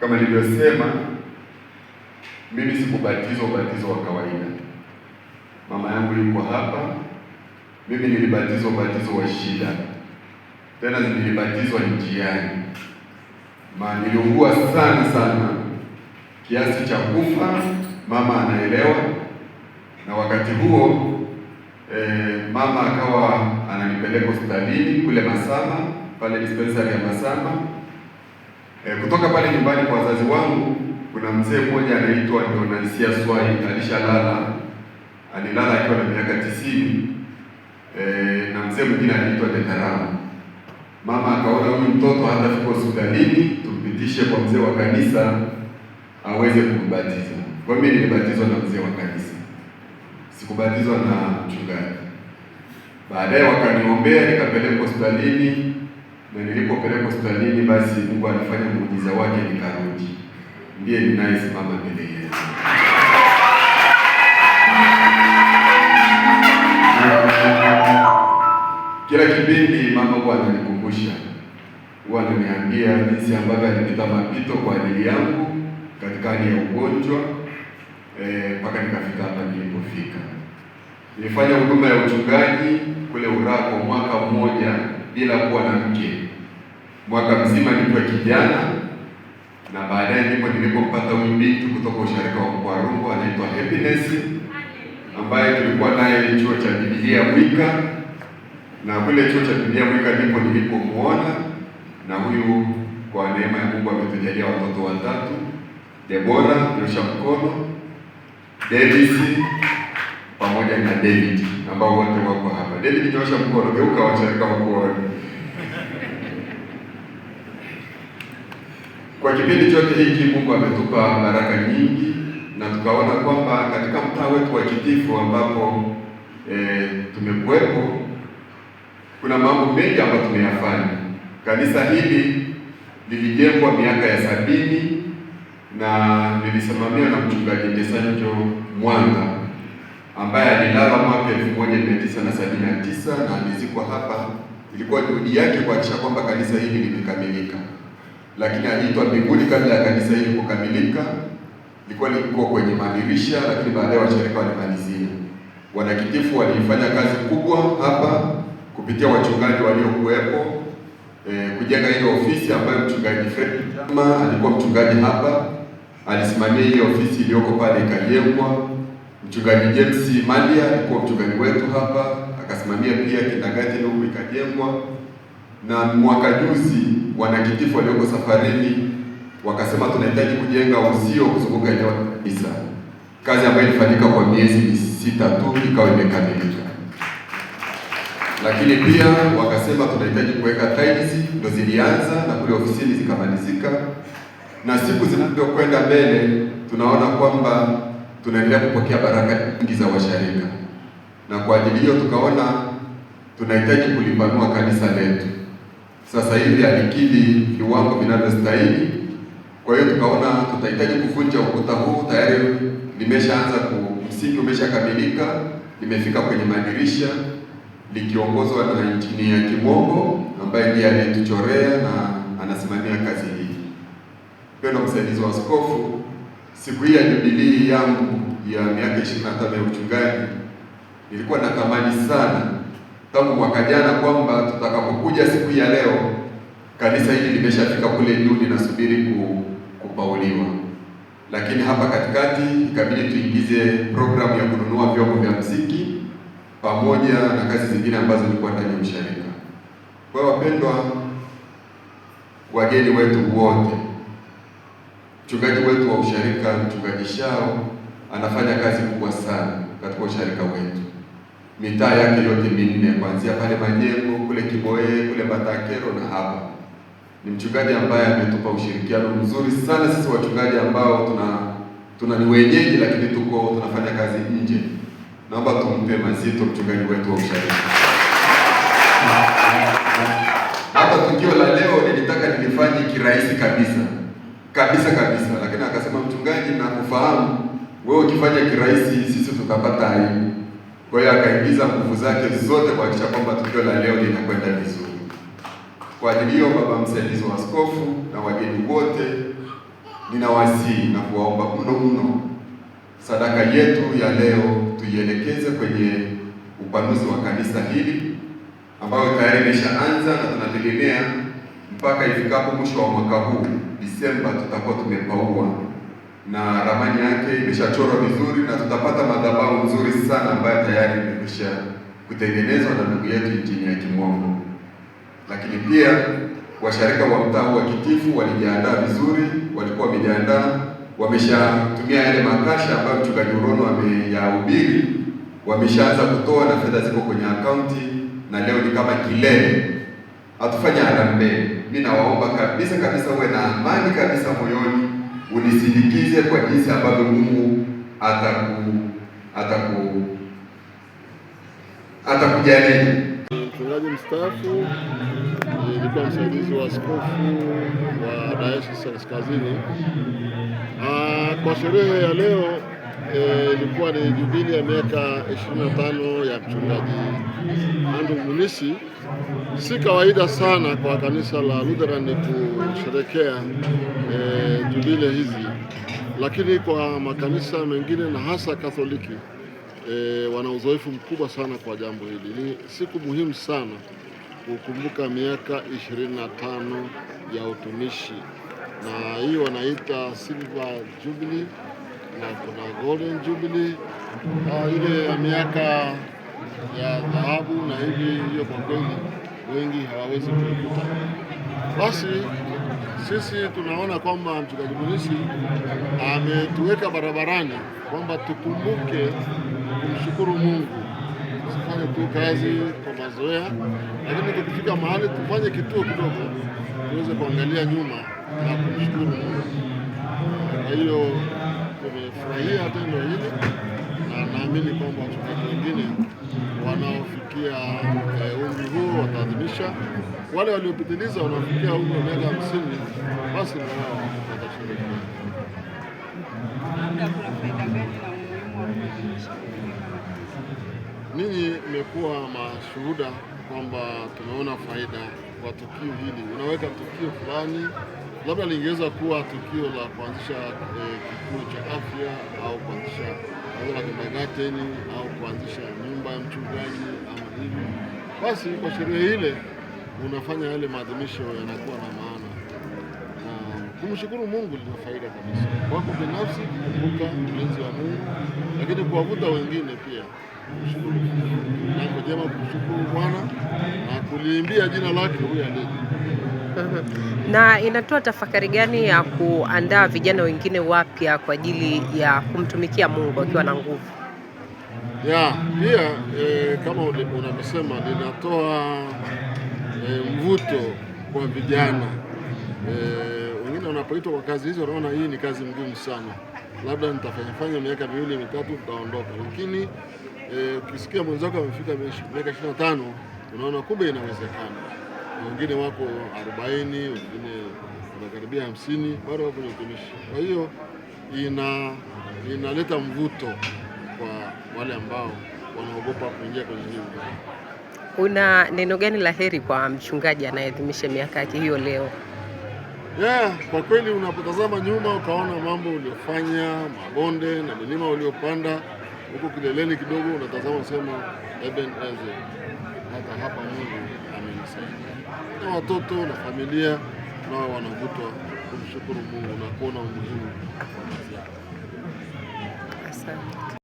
Kama nilivyosema, mimi sikubatizwa ubatizo wa kawaida. Mama yangu yuko hapa. Mimi nilibatizwa ubatizo wa shida, tena nilibatizwa njiani, ma niliugua sana sana kiasi cha kufa. Mama anaelewa, na wakati huo eh, mama akawa ananipeleka hospitalini kule Masama, pale dispensari ya Masama E, kutoka pale nyumbani kwa wazazi wangu kuna mzee mmoja anaitwa Donasia Swai alishalala, alilala akiwa na miaka tisini. E, na mzee mwingine anaitwa Detaramu. Mama akaona huyu mtoto hatafika hospitalini, tumpitishe kwa mzee wa kanisa aweze kumbatiza. Kwa mimi nilibatizwa na mzee wa kanisa, sikubatizwa na mchungaji. Baadaye wakaniombea, nikapelekwa hospitalini na nilipopelekwa hospitalini, basi Mungu alifanya muujiza wake, nikarudi. Ndiye ninayesimama mbele yenu. Kila kipindi mama huwa ananikumbusha, huwa ananiambia jinsi ambavyo alipita mapito kwa ajili yangu katika hali ya ugonjwa eh, mpaka eh, nikafika hapa nilipofika. Nilifanya huduma ya uchungaji kule urako kwa mwaka mmoja bila kuwa na mke. Mwaka mzima nilikuwa kijana na baadaye ndipo nilipopata huyu binti kutoka usharika wa Mkwarungu anaitwa Happiness ambaye tulikuwa naye chuo cha Biblia Mwika, na kule chuo cha Biblia Mwika ndipo nilipomuona, na huyu kwa neema ya Mungu ametujalia watoto watatu: Debora, nyosha mkono, Davis pamoja na David ambao wote wako hapa. David nikiosha mkono, geuka wacha kama Kwa kipindi chote hiki Mungu ametupa baraka nyingi, na tukaona kwamba katika mtaa wetu wa Kitifu ambapo e, tumekuwepo kuna mambo mengi ambayo tumeyafanya. Kanisa hili lilijengwa miaka ya sabini na lilisimamiwa na mchungaji Jesanjo Mwanga ambaye alilala mwaka elfu moja mia tisa na sabini na na tisa alizikwa hapa. Ilikuwa juhudi yake kuhakikisha kwamba kanisa hili limekamilika, lakini aliitwa mbinguni kabla ya kanisa hili kukamilika. Ilikuwa liko kwenye madirisha, lakini baadaye washirika walimalizia. Wanakitifu walifanya kazi kubwa hapa kupitia wachungaji waliokuwepo e, kujenga ile ofisi ambayo mchungaji Fred alikuwa mchungaji hapa, alisimamia ile ofisi iliyoko pale ikajengwa. Mchungaji James Malia alikuwa mchungaji wetu hapa, akasimamia pia kindagati huku ikajengwa, na mwaka juzi wanakitifu walioko safarini wakasema tunahitaji kujenga uzio kuzunguka eneo kabisa, kazi ambayo ilifanyika kwa miezi sita tu ikawa imekamilika. Lakini pia wakasema tunahitaji kuweka tiles, ndo zilianza na kule ofisini zikamalizika, na siku zinazokwenda mbele tunaona kwamba tunaendelea kupokea baraka nyingi za washirika, na kwa ajili hiyo tukaona tunahitaji kulipanua kanisa letu sasa hivi halikidhi viwango vinavyostahili. Kwa hiyo tukaona tutahitaji kuvunja ukuta huu. Tayari nimeshaanza ku, msingi umeshakamilika, nimefika kwenye madirisha likiongozwa na injinia Kimongo ambaye ndiye aliyetuchorea na anasimamia kazi hii. Pendo msaidizi wa askofu siku hii ya jubilii yangu ya miaka 25 ya uchungaji, nilikuwa natamani sana tangu mwaka jana kwamba tutakapokuja siku ya leo kanisa hili limeshafika kule juu, ninasubiri ku, kupauliwa. Lakini hapa katikati ikabidi tuingize programu ya kununua vyombo vya muziki pamoja na kazi zingine ambazo nilikuwa ndani ya msharika. Kwa hiyo wapendwa, wageni wetu wote Mchungaji wetu wa usharika, mchungaji Shao anafanya kazi kubwa sana katika usharika wetu, mitaa yake yote minne, kuanzia pale Majengo kule Kiboe kule Batakero na hapa. Ni mchungaji ambaye ametupa ushirikiano mzuri sana sisi wachungaji ambao tuna tuna ni wenyeji, lakini tuko tunafanya kazi nje. Naomba tumpe mazito mchungaji wetu wa usharika. Hapa tukio la leo nilitaka nilifanye kirahisi kabisa kabisa kabisa, lakini akasema, mchungaji, nakufahamu wewe, ukifanya kirahisi sisi tutapata aibu. Kwa hiyo akaingiza nguvu zake zote kuhakikisha kwamba tukio la leo linakwenda vizuri. Kwa ajili hiyo, baba msaidizi wa askofu na wageni wote, ninawasihi na kuwaomba mno mno, sadaka yetu ya leo tuielekeze kwenye upanuzi wa kanisa hili ambayo tayari imeshaanza na tunategemea mpaka ifikapo mwisho wa mwaka huu Disemba, tutakuwa tumepaua na ramani yake imeshachorwa vizuri na tutapata madhabahu nzuri sana ambayo tayari imekwisha kutengenezwa na ndugu yetu Injinia Kimwongo. Lakini pia washarika wa mtaa wa Kitifu walijiandaa vizuri, walikuwa wamejiandaa, wameshatumia yale makasha ambayo mchungaji Urono ameyahubiri, wameshaanza kutoa na fedha ziko kwenye akaunti, na leo ni kama kilele, hatufanye harambee mimi nawaomba kabisa kabisa, uwe na amani kabisa moyoni, unisindikize kwa jinsi ambavyo Mungu ataku ataku atakujalia. Mchungaji mstaafu, nilikuwa msaidizi wa askofu wa dayosisi ya Kaskazini. Ah, kwa sherehe ya leo Eh, ilikuwa e, ni jubili ya miaka 25 ya mchungaji Andrew Munisi. Si kawaida sana kwa kanisa la Lutheran kusherekea e, eh, jubile hizi, lakini kwa makanisa mengine na hasa katholiki e, wana uzoefu mkubwa sana kwa jambo hili. Ni siku muhimu sana kukumbuka miaka 25 ya utumishi, na hii wanaita silver jubilee na kuna Golden Jubilee uh, ile ya miaka ya dhahabu na hivi. Hiyo kwa kweli wengi hawawezi kuikuta. Basi sisi tunaona kwamba mchungaji Munisi ametuweka barabarani kwamba tukumbuke kumshukuru Mungu, tusifanye tu kazi kwa mazoea, lakini tukifika mahali tufanye kituo kidogo, tuweze kuangalia nyuma na kumshukuru Mungu. Kwa hiyo tunafurahia tendo hili na naamini kwamba wachezaji wengine wanaofikia eh, umri huu wataadhimisha, wale waliopitiliza wanaofikia umri wa miaka hamsini basi na wao watashiriki. Ninyi mmekuwa mashuhuda kwamba tumeona faida kwa tukio hili, unaweka tukio fulani labda lingeweza kuwa tukio la kuanzisha eh, kituo cha afya au kuanzisha la kindagateni au kuanzisha nyumba ya mchungaji ama hivi, basi kwa sherehe ile unafanya yale maadhimisho yanakuwa na maana na kumshukuru Mungu lina faida kabisa kwako binafsi, kuvuka ulinzi wa Mungu, lakini kuwavuta wengine pia kushukuru na jema kumshukuru Bwana na kuliimbia jina lake huyo aliye Mhm. Na inatoa tafakari gani ya kuandaa vijana wengine wapya kwa ajili ya kumtumikia Mungu akiwa na nguvu? Ya, pia e, kama unavyosema linatoa e, eh, mvuto kwa vijana eh, wengine wanapoitwa kwa kazi hizo wanaona hii ni kazi ngumu sana, labda nitafanyafanya miaka miwili mitatu nitaondoka, lakini ukisikia e, mwenzako amefika miaka ishirini na tano unaona kumbe inawezekana wengine wako 40, wengine wanakaribia 50, bado wako kwenye utumishi. Kwa hiyo ina inaleta mvuto kwa wale ambao wanaogopa kuingia kwenye hii huduma. Una neno gani la heri kwa mchungaji anayeadhimisha miaka yake hiyo leo? Yeah, kwa kweli unapotazama nyuma ukaona mambo uliofanya, mabonde na milima uliopanda, huko kileleni kidogo unatazama, unasema hata hapa Mungu na watoto na familia nao wanavutwa kumshukuru Mungu na kuona umuhimu wa kazi yao. Asante.